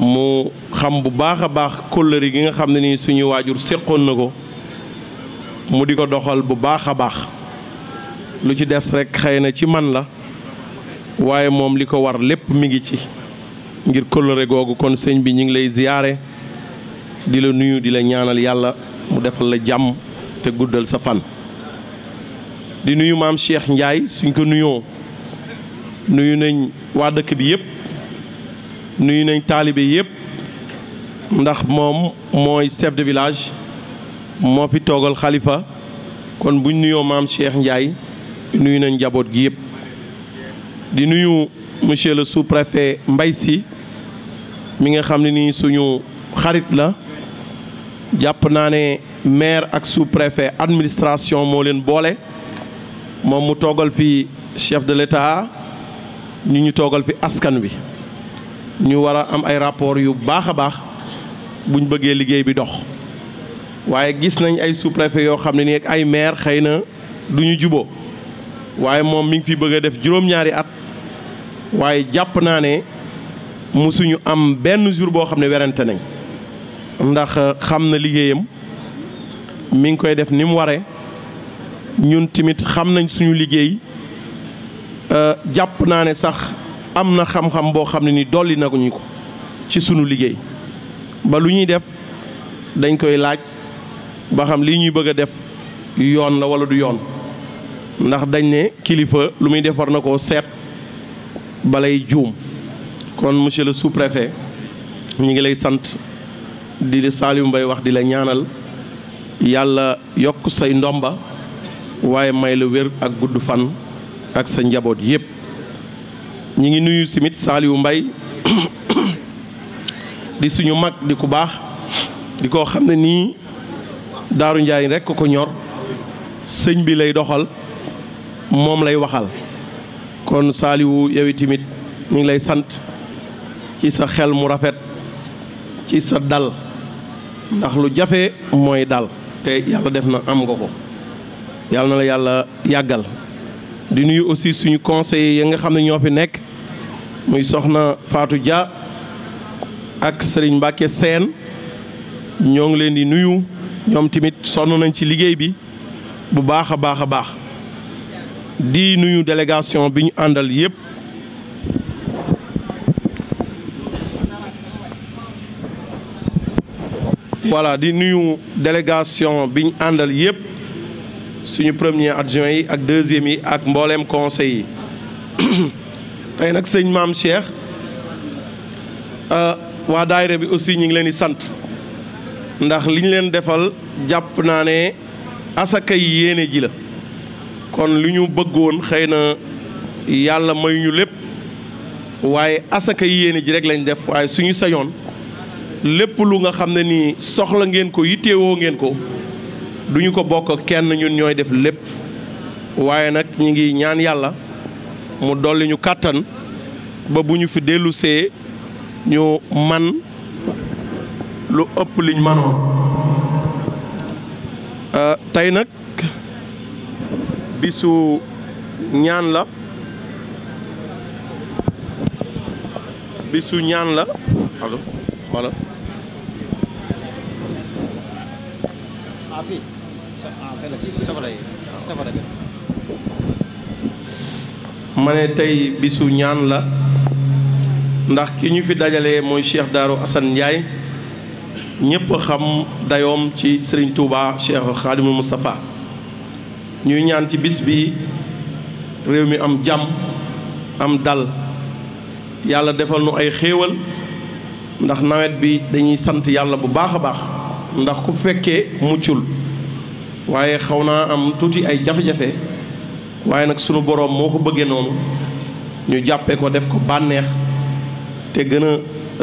mu xam bu baax a baax kóllëre gi nga xam ne nii suñu waajur séqoon na ko mu di ko doxal bu baax a baax lu ci des rekk xëy na ci man la waaye moom li ko war lépp mi ngi ci ngir kóllëre googu kon sëñ bi ñu ngi lay ziyaare di la nuyu di la ñaanal yàlla mu defal la jàmm te guddal sa fan di nuyu maam Cheikh Ndiaye suñ ko nuyoo nuyu nañ waa dëkk bi yépp nuyu nañ taalibe yépp ndax mom moy chef de village moo fi toogal Khalifa, kon buñ nuyoo maam Cheikh Ndiaye nuyu nañ jabot gi yépp di nuyu monsieur le sous-préfet Mbaysi mi nga xamni ni suñu xarit la japp naa maire ak sous-préfet administration mo leen bolé mom mu togal fi chef de l'État ñu ñu togal fi askan wi ñu war a am ay rapport yu baax a baax buñ bëggee liggéey bi dox waaye gis nañ ay sous yoo xam ne ni ak ay maire xëy na du ñu juboo waaye moom mi ngi fi bëgg def juróom-ñaari at waaye jàpp naa ne mu suñu am benn jour boo xam ne werante nañ ndax euh, xam na liggéeyam mi ngi koy def ni mu waree ñun tamit xam nañ suñu liggéey euh, jàpp naa ne sax am na xam-xam boo xam ne ni dolli na ko ci sunu liggéey ba lu ñuy def dañ koy laaj ba xam lii ñuy bëgg a def yoon la wala du yoon ndax dañ ne kilifa lu muy def na koo seet balay juum kon monsieur la sous ñu ngi lay sant di di Saliou Mbaye wax di la ñaanal yàlla yokk say ndomba waaye may la wér ak gudd fan ak sa njaboot yépp ñi ngi nuyu simit Saliou Mbaye di suñu mag di ku baax di ko xam ne nii Daaru Njaay rek ko ñor bi lay doxal lay waxal kon Saliou yow tamit ñu ngi lay sant ci sa xel mu rafet ci sa dal ndax lu jafe dal te yàlla def na am nga ko yàlla na la yàlla yàggal di nuyu aussi suñu ya nga fi muy soxna Fatou Dia ak Serigne mbake sen ñong leen di nuyu ñom timit sonu nañ ci liggéey bi bu baaxa baaxa baax di nuyu délégation bi ñu àndal yépp voilà di nuyu délégation bi ñu àndal yépp suñu premier adjoint yi ak deuxième yi ak mbooleem conseil yi tey nag sëñ maam Cheikh ah, waa daayira bi aussi ñu ngi leen di sant ndax li ñu leen defal jàpp naa ne asaka yi yéene ji la kon li ñu bëggoon xëy na yàlla mayuñu lépp waaye asaka yi yéene ji rek lañ def waaye suñu sañoon lépp lu nga xam ne nii soxla ngeen ko yittewoo ngeen ko duñu ko bokk kenn ñun ñooy def lépp waaye nag ñi ngi ñaan yàlla mu dolli ñu kàttan ba bu ñu fi dellusee ñu man lu ëpp liñ manoon euh, tey nag bisu ñaan la bisu ñaan la allo ah, ma ne tey bisu ñaan la ndax ki ñu fi dajalee mooy Cheikh Darou Assane Ndiaye ñëpp xam dayoom ci sëriñ Touba Cheikh Khadimul Moustapha ñuy ñaan ci bis bi réew mi am jàmm am dal yàlla defal nu ay xéewal ndax nawet bi dañuy sant yàlla bu baax a baax ndax ku fekkee muccul waaye xaw naa am tuuti ay jafe-jafe waaye nag sunu boroom moo ko bëggee noonu ñu jàppee ko def ko bànneex te gën a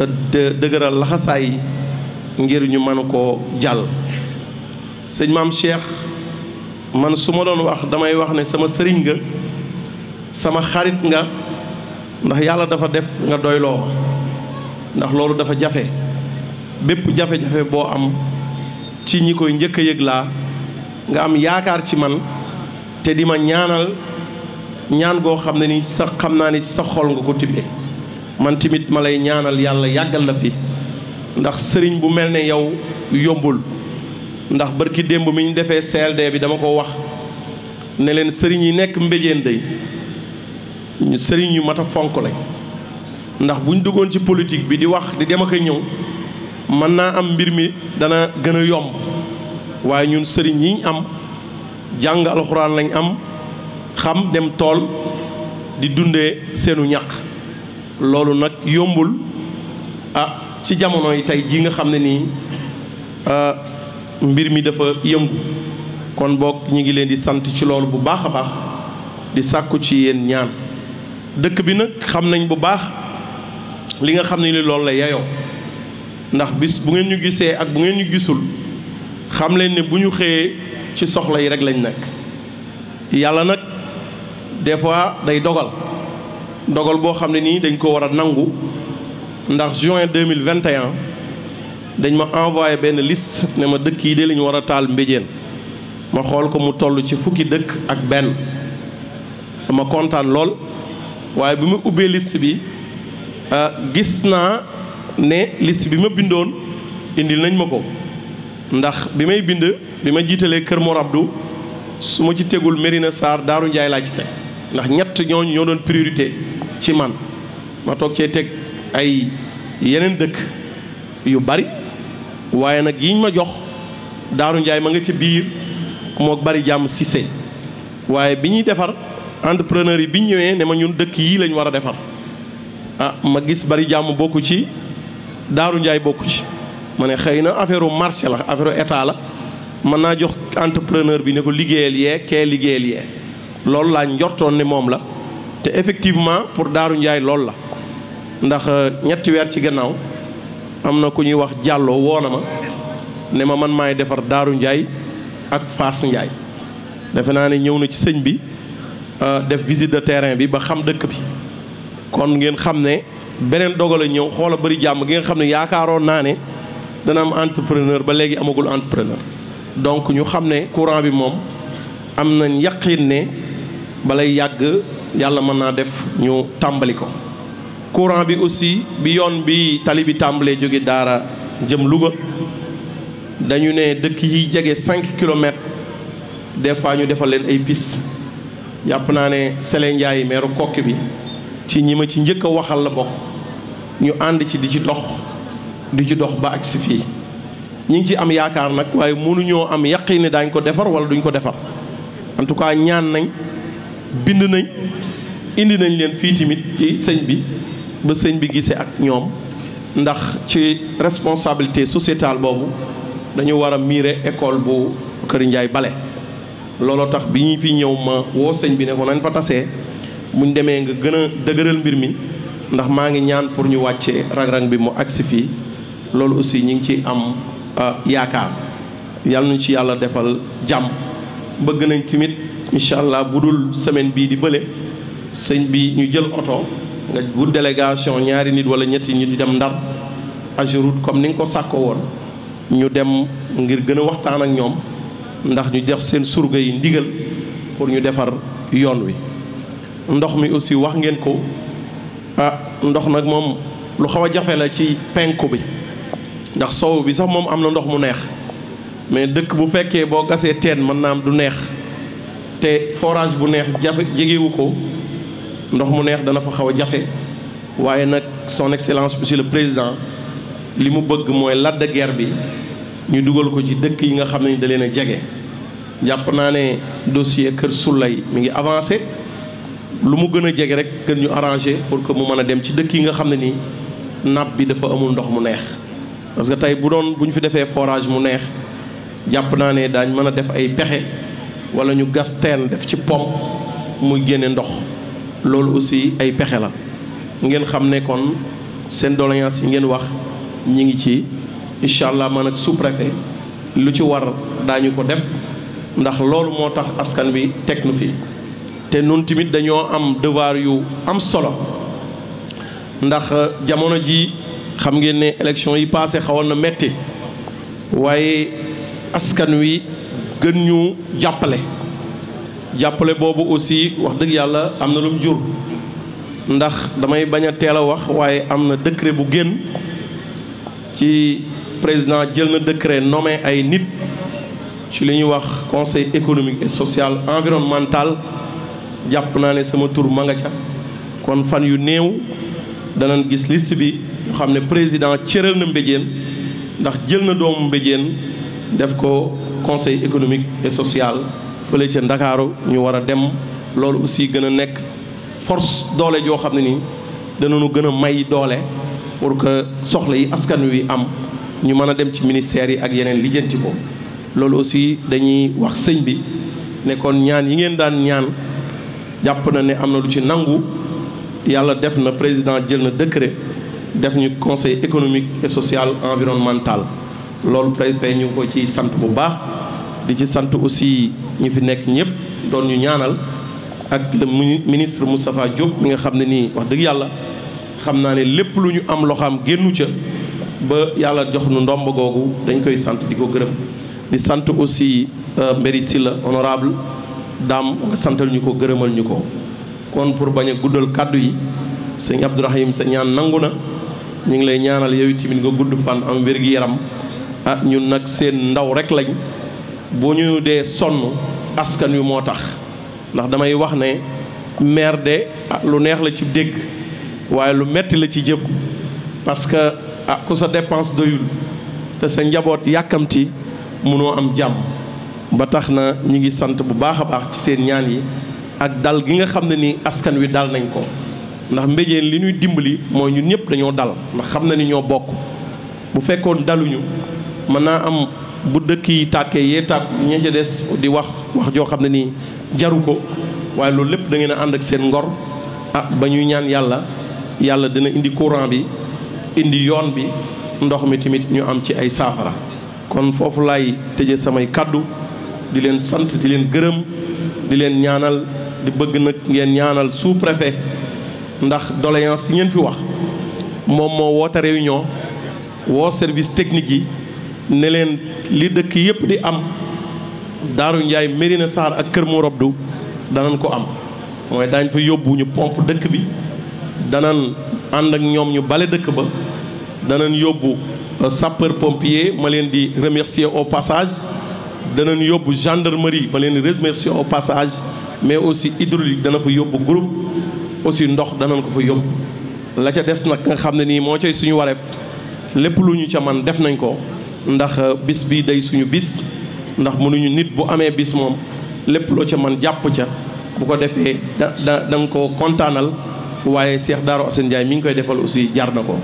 euh, dëgëral laxasaay yi ngir ñu mën koo jàll sëñ maam Cheikh man su ma doon wax damay wax ne sama sëriñ nga sama xarit nga ndax yàlla dafa def nga doyloo ndax loolu dafa jafe bépp jafe-jafe boo am ci ñi koy njëkk a yëg laa nga am yaakaar ci man te di ma ñaanal ñaan goo xam ne ni sa naa ni sa xol nga ko tibbee man tamit ma lay ñaanal yàlla yàggal la fi ndax sëriñ bu mel ne yow yombul ndax barki démb mi ñu defee CLD bi dama ko wax ne leen sëriñ yi nekk mbéjéen day ñu sëriñ yu mat a fonk lañ ndax bu ñu duggoon ci politique bi di wax di dem ak a ñëw mën naa am mbir mi dana gën a yomb waaye ñun sëriñ yi am jàng alxuraan lañ am xam dem tool di dunde seenu ñaq loolu nag yombul a ah, ci jamono yi tey jii nga xam ne nii ah, mbir mi dafa yëngu kon boog ñu ngi leen di sant ci loolu bu baax a baax di sàkku ci yéen ñaan dëkk bi nag xam nañ bu baax li nga xam ne ni loolu la yayoo ndax bis bu ngeen ñu gisee ak bu ngeen ñu gisul xam leen ne bu ñu xëyee ci soxla yi rek lañ nekk yàlla nag des fois day dogal dogal boo xam ne nii dañ ko war a nangu ndax juin 2021 dañ ma envoyé benn liste ne ma dëkk yi de lañu war a taal mbéjéen ma xool ko mu toll ci fukki dëkk ak benn dama kontaan lool waaye bi ma ubbee liste bi euh, gis naa ne liste bi ma bindoon indi nañ ma ko ndax bi may bind bi ma jiitalee Kër Mor Abdou su ma ci tegul Mérina Sarr Daaru Njaay laa ci ndax ñett ñooñu ñoo doon priorité ci man ma toog cee teg ay yeneen dëkk yu bari waaye nag yiñ ma jox Daaru Njaay ma nga ci biir moo bari jàmm Cissé waaye bi ñuy defar entrepreneur yi bi ñu ñëwee ne ma ñun dëkk yii lañ war a defar ah ma gis bari jàmm bokku ci Daaru Njaay bokku ci ma ne xëy na affaire marché la affaire état la mën naa jox entrepreneur bi ne ko liggéeyal yee kee liggéeyal yee loolu laa njortoon ne moom la te effectivement pour Daaru Njaay loolu la ndax euh, ñetti weer ci gannaaw am na ku ñuy wax jàlloo woona ma ne ma man maay defar Daaru Njaay ak fas Njaay defe naa ne ñëw na ci sëñ bi euh, def visite de terrain bi ba xam dëkk bi kon ngeen xam ne beneen dogal a ñëw xoola bari jàmm gi nga xam ne yaakaaroon naa ne dana am entrepreneur ba léegi amagul entrepreneur donc ñu xam ne courant bi moom am na yaqin ne balay yàgg yàlla mën naa def ñu tàmbali ko courant bi aussi bi yoon bi tali bi tàmbalee jóge daara jëm Louga dañu ne dëkk yi jege 5 kilomètres des fois ñu defal leen ay piste yàpp naa ne Sele Ndiaye meeru kokki bi ci ñi ma ci njëkk a waxal la bokk ñu ànd ci di ci dox di ci dox ba agsi fii ñi ngi ci am yaakaar nag waaye mënuñoo am yaqin ne daañ ko defar wala duñ ko defar en tout cas ñaan nañ bind nañ indi nañ leen fii tamit ci sëñ bi ba sëñ bi gisee ak ñoom ndax ci responsabilité sociétale boobu dañu war a miire école bu Kër Ndiaye Bale looloo tax bi ñu fi ñëw ma woo sëñ bi ne ko nañ fa tasee buñ demee nga gën a dëgëral mbir mi ndax maa ngi ñaan pour ñu wàcce rang-rang bi mu agsi fii loolu aussi ñi ngi ci am Euh, yaakaar yàlla nañ ci yàlla defal jàmm bëgg nañ tamit incha allah bu dul semaine bii di bële sëñ bi ñu jël oto nga bu délégation ñaari nit wala ñetti nit ñu dem ndar Ageroute comme ni nga ko sàkkoo woon ñu dem ngir gën a waxtaan ak ñoom ndax ñu def seen surga yi ndigal pour ñu defar yoon wi ndox mi aussi wax ngeen ko ah ndox nag moom lu xaw a jafe la ci penku bi ndax soow bi sax moom am na ndox mu neex mais dëkk bu fekkee boo gasee teen mën naa am du neex te forage bu neex jafe jegewu ko ndox mu neex dana fa xaw a jafe waaye nag son excellence monsieur le président li mu bëgg mooy Lac de Guiers bi ñu dugal ko ci dëkk yi nga xam ne da leen a jege jàpp naa ne dossier Kër Soulay mi ngi avancé lu mu gën a jege rek gën ñu arrangé pour que mu mën a dem ci dëkk yi nga xam ne nii napp bi dafa amul ndox mu neex parce que tey bu doon bu fi defee forage mu neex jàpp naa ne daañ mën a def ay pexe wala ñu gas teen def ci pompe muy génne ndox loolu aussi ay pexe la ngeen xam ne kon seen doléance yi ngeen wax ñi ngi ci incha allah man ak sous-préfet lu ci war daañu ko def ndax loolu moo tax askan bi teg nu fi te nun tamit dañoo am devoir yu am solo ndax jamono ji xam ngeen ne élection yi passé xawoon na metti waaye askan wi gën ñu jàppale jàppale boobu aussi wax dëgg yàlla am na lu mu jur ndax damay bañ a teel a wax waaye am na décret bu génn ci président jël na décret nommé ay nit ci li ñuy wax conseil économique et social environnemental jàpp naa ne sama tur ma nga ca kon fan yu néew danañ gis liste bi ñu xam ne président cëral na Mbéjéen ndax jël na doomu Mbéjéen def ko conseil économique et social fële ca Ndakaaru ñu war a dem loolu aussi gën a nekk force doole joo xam ne nii danañu gën a may doole pour que soxla yi askan wi am ñu mën a dem ci ministère yi ak yeneen lijjanti ko loolu aussi dañuy wax sëñ bi ne ñaan yi ngeen daan ñaan jàpp na ne am na lu ci nangu yàlla def na président jël na décret def ñu conseil économique et social environnemental loolu préfet ñu ngi ko ci sant bu baax di ci sant aussi ñu fi nekk ñëpp doon ñu ñaanal ak le ministre Moustapha Diop mi nga xam ne nii wax dëgg yàlla xam naa ne lépp lu ñu am loxaam génnu ca ba yàlla jox nu ndomb googu dañ koy sant di ko gërëm di sant aussi euh, Mbéri Sylla honorable daam nga santal ñu ko gërëmal ñu ko kon pour bañ a guddal kàddu yi sëñ Abdourahim sa ñaan nangu na ñu ngi lay ñaanal yow tamit nga gudd fan am wér yaram ah ñun nag seen ndaw rek lañ boo ñu dee sonn askan wi moo tax ndax damay wax ne maire de ah, lu neex la ci dégg waaye lu metti la ci jëf parce que ah ku sa dépense doyul te sa njaboot yàkkamti mënoo am jàmm ba tax na ñi ngi sant bu baax a baax ci seen ñaan yi ak dal gi nga xam ne ni askan wi dal nañ ko ndax mbéjeen li ñuy dimbali mooy ñun ñëpp dañoo dal ndax xam na ni ñoo bokk bu fekkoon daluñu mën naa am bu dëkk yi tàkkee yee tàkk ñee ca des di wax wax joo xam ne nii jaru ko waaye loolu lépp da ngeen a ànd ak seen ngor ah ba ñuy ñaan yàlla yàlla dina indi courant bi indi yoon bi ndox mi tamit ñu am ci ay saafara kon foofu laay tëje samay kaddu di leen sant di leen gërëm di leen ñaanal di bëgg nag ngeen ñaanal sous préfet ndax doléance ñeen fi wax réunion woo service technique yi ne leen li dëkk yépp di am Daaru Njaay Mérina Sarr ak Kër robdu danañ ko am mooy daañ fa yóbbu ñu pompe dëkk bi danañ ànd ak ñoom ñu bale dëkk euh, sapeur pompier ma leen remercier au passage danañ yóbbu gendarmerie ma leen di remercier au passage mais aussi hydraulique dana fa groupe aussi ndox danañ ko fa yóbbu la ca des nag nga xam ne nii moo cay suñu wareef lépp lu ñu ca man def nañ ko ndax euh, bis bi day suñu bis ndax mënuñu nit bu amee bis moom lépp loo ca man jàpp ca bu ko defee da da ko kontaanal waaye Cheikh Darou Assane Ndiaye mi ngi koy defal aussi jar na ko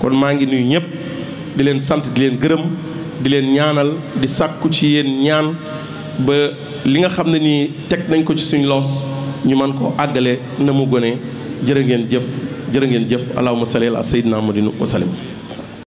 kon maa ngi nuyu ñëpp di leen sant di leen gërëm di leen ñaanal di sàkku ci yéen ñaan ba li nga xam ne nii teg nañ ko ci suñu loos ñu man koo àggale na mu gone jërë ngeen jëf jërë ngeen jëf allahumma salli naa sayyidina muhammadin wa sallim